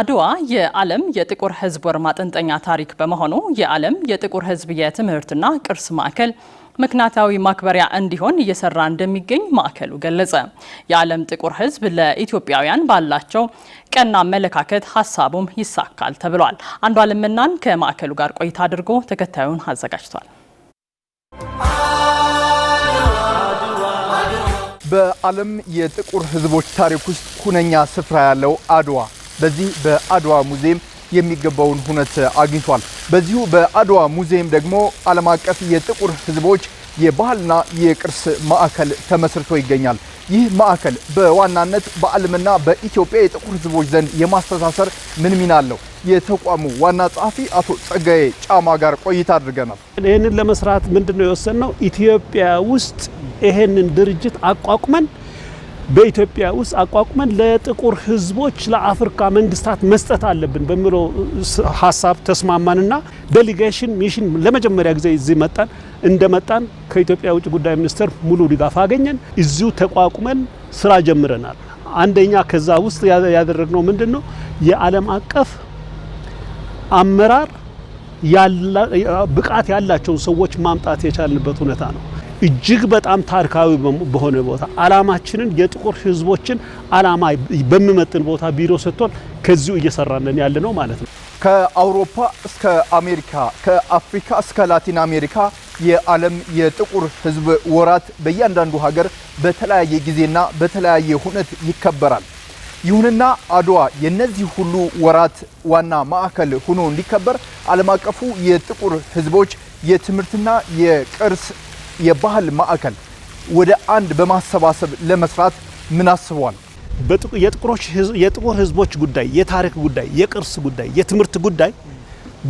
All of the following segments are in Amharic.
አድዋ የዓለም የጥቁር ሕዝብ ወር ማጠንጠኛ ታሪክ በመሆኑ የዓለም የጥቁር ሕዝብ የትምህርትና ቅርስ ማዕከል ምክንያታዊ ማክበሪያ እንዲሆን እየሰራ እንደሚገኝ ማዕከሉ ገለጸ። የዓለም ጥቁር ሕዝብ ለኢትዮጵያውያን ባላቸው ቀና አመለካከት ሀሳቡም ይሳካል ተብሏል። አንዷለም አለምናን ከማዕከሉ ጋር ቆይታ አድርጎ ተከታዩን አዘጋጅቷል። በዓለም የጥቁር ሕዝቦች ታሪክ ውስጥ ሁነኛ ስፍራ ያለው አድዋ በዚህ በአድዋ ሙዚየም የሚገባውን ሁነት አግኝቷል። በዚሁ በአድዋ ሙዚየም ደግሞ ዓለም አቀፍ የጥቁር ህዝቦች የባህልና የቅርስ ማዕከል ተመስርቶ ይገኛል። ይህ ማዕከል በዋናነት በዓለምና በኢትዮጵያ የጥቁር ህዝቦች ዘንድ የማስተሳሰር ምን ሚና አለው? የተቋሙ ዋና ጸሐፊ አቶ ጸጋዬ ጫማ ጋር ቆይታ አድርገናል። ይህንን ለመስራት ምንድን ነው ነው ኢትዮጵያ ውስጥ ይህንን ድርጅት አቋቁመን በኢትዮጵያ ውስጥ አቋቁመን ለጥቁር ህዝቦች ለአፍሪካ መንግስታት መስጠት አለብን በሚለው ሀሳብ ተስማማንና ዴሊጌሽን ሚሽን ለመጀመሪያ ጊዜ እዚህ መጣን። እንደመጣን ከኢትዮጵያ ውጭ ጉዳይ ሚኒስቴር ሙሉ ድጋፍ አገኘን። እዚሁ ተቋቁመን ስራ ጀምረናል። አንደኛ ከዛ ውስጥ ያደረግነው ምንድን ነው? የዓለም አቀፍ አመራር ብቃት ያላቸውን ሰዎች ማምጣት የቻልንበት ሁኔታ ነው። እጅግ በጣም ታሪካዊ በሆነ ቦታ አላማችንን የጥቁር ህዝቦችን አላማ በሚመጥን ቦታ ቢሮ ሰጥቶን ከዚሁ እየሰራለን ያለ ነው ማለት ነው። ከአውሮፓ እስከ አሜሪካ፣ ከአፍሪካ እስከ ላቲን አሜሪካ የዓለም የጥቁር ህዝብ ወራት በእያንዳንዱ ሀገር በተለያየ ጊዜና በተለያየ ሁነት ይከበራል። ይሁንና አድዋ የነዚህ ሁሉ ወራት ዋና ማዕከል ሆኖ እንዲከበር ዓለም አቀፉ የጥቁር ህዝቦች የትምህርትና የቅርስ የባህል ማዕከል ወደ አንድ በማሰባሰብ ለመስራት ምን አስቧል? የጥቁር ህዝቦች ጉዳይ፣ የታሪክ ጉዳይ፣ የቅርስ ጉዳይ፣ የትምህርት ጉዳይ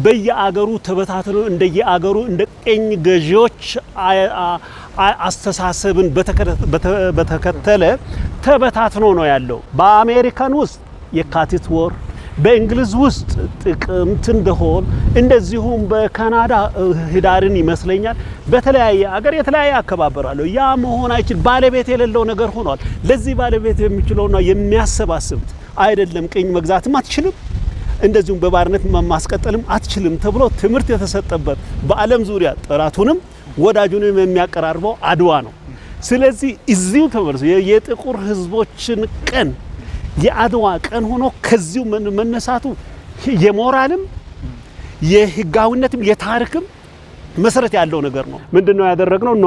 በየአገሩ ተበታትኖ እንደየአገሩ እንደ ቅኝ ገዢዎች አስተሳሰብን በተከተለ ተበታትኖ ነው ያለው። በአሜሪካን ውስጥ የካቲት ወር በእንግሊዝ ውስጥ ጥቅምት እንደሆን እንደዚሁም በካናዳ ህዳርን ይመስለኛል። በተለያየ አገር የተለያየ አከባበር አለው። ያ አይችል ባለቤት የሌለው ነገር ሆኗል። ለዚህ ባለቤት የሚችለውና የሚያሰባስብት አይደለም። ቅኝ መግዛትም አትችልም፣ እንደዚሁም በባርነት ማስቀጠልም አትችልም ተብሎ ትምህርት የተሰጠበት በዓለም ዙሪያ ጠላቱንም ወዳጁንም የሚያቀራርበው አድዋ ነው። ስለዚህ እዚሁ ተመልሶ የጥቁር ህዝቦችን ቀን የአድዋ ቀን ሆኖ ከዚሁ መነሳቱ የሞራልም የህጋዊነትም የታሪክም መሰረት ያለው ነገር ነው። ምንድን ነው ያደረግነው? ኖ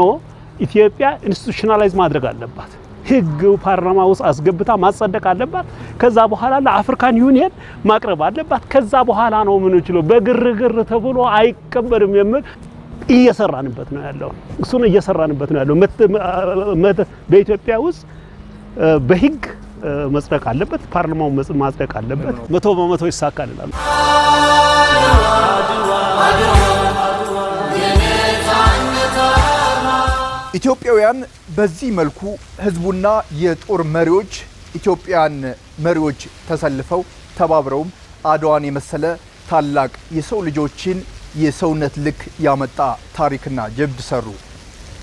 ኢትዮጵያ ኢንስቲቱሽናላይዝ ማድረግ አለባት። ህግ ፓርላማ ውስጥ አስገብታ ማጸደቅ አለባት። ከዛ በኋላ ለአፍሪካን ዩኒየን ማቅረብ አለባት። ከዛ በኋላ ነው የምንችለው። በግርግር ተብሎ አይቀበልም የሚል እየሰራንበት ነው ያለው። እሱን እየሰራንበት ነው ያለው በኢትዮጵያ ውስጥ በህግ መጽደቅ አለበት፣ ፓርላማው ማጽደቅ አለበት። መቶ በመቶ ይሳካል ይላሉ። ኢትዮጵያውያን በዚህ መልኩ ህዝቡና የጦር መሪዎች ኢትዮጵያን መሪዎች ተሰልፈው ተባብረውም አድዋን የመሰለ ታላቅ የሰው ልጆችን የሰውነት ልክ ያመጣ ታሪክና ጀብድ ሰሩ።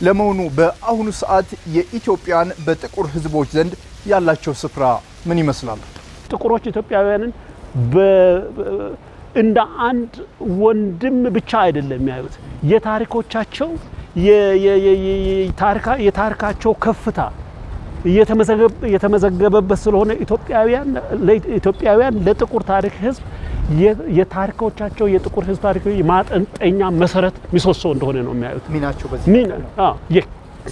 ለመሆኑ በአሁኑ ሰዓት የኢትዮጵያን በጥቁር ህዝቦች ዘንድ ያላቸው ስፍራ ምን ይመስላል? ጥቁሮች ኢትዮጵያውያንን እንደ አንድ ወንድም ብቻ አይደለም የሚያዩት። የታሪኮቻቸው የታሪካቸው ከፍታ እየተመዘገበበት ስለሆነ ኢትዮጵያውያን ለጥቁር ታሪክ ህዝብ የታሪኮቻቸው የጥቁር ህዝብ ታሪክ ማጠንጠኛ መሰረት ሚሶሶ እንደሆነ ነው የሚያዩት ሚናቸው።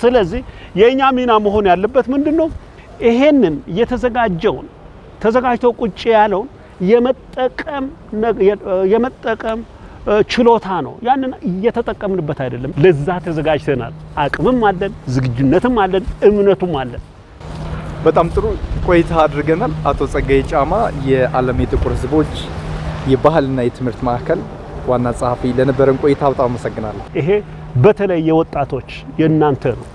ስለዚህ የእኛ ሚና መሆን ያለበት ምንድን ነው? ይሄንን የተዘጋጀውን ተዘጋጅቶ ቁጭ ያለውን የመጠቀም ችሎታ ነው። ያንን እየተጠቀምንበት አይደለም። ለዛ ተዘጋጅተናል። አቅምም አለን፣ ዝግጁነትም አለን፣ እምነቱም አለን። በጣም ጥሩ ቆይታ አድርገናል። አቶ ጸጋዬ ጫማ የዓለም የጥቁር ሕዝቦች የባህልና የትምህርት ማዕከል ዋና ጸሐፊ፣ ለነበረን ቆይታ በጣም አመሰግናለሁ። ይሄ በተለይ የወጣቶች የእናንተ ነው።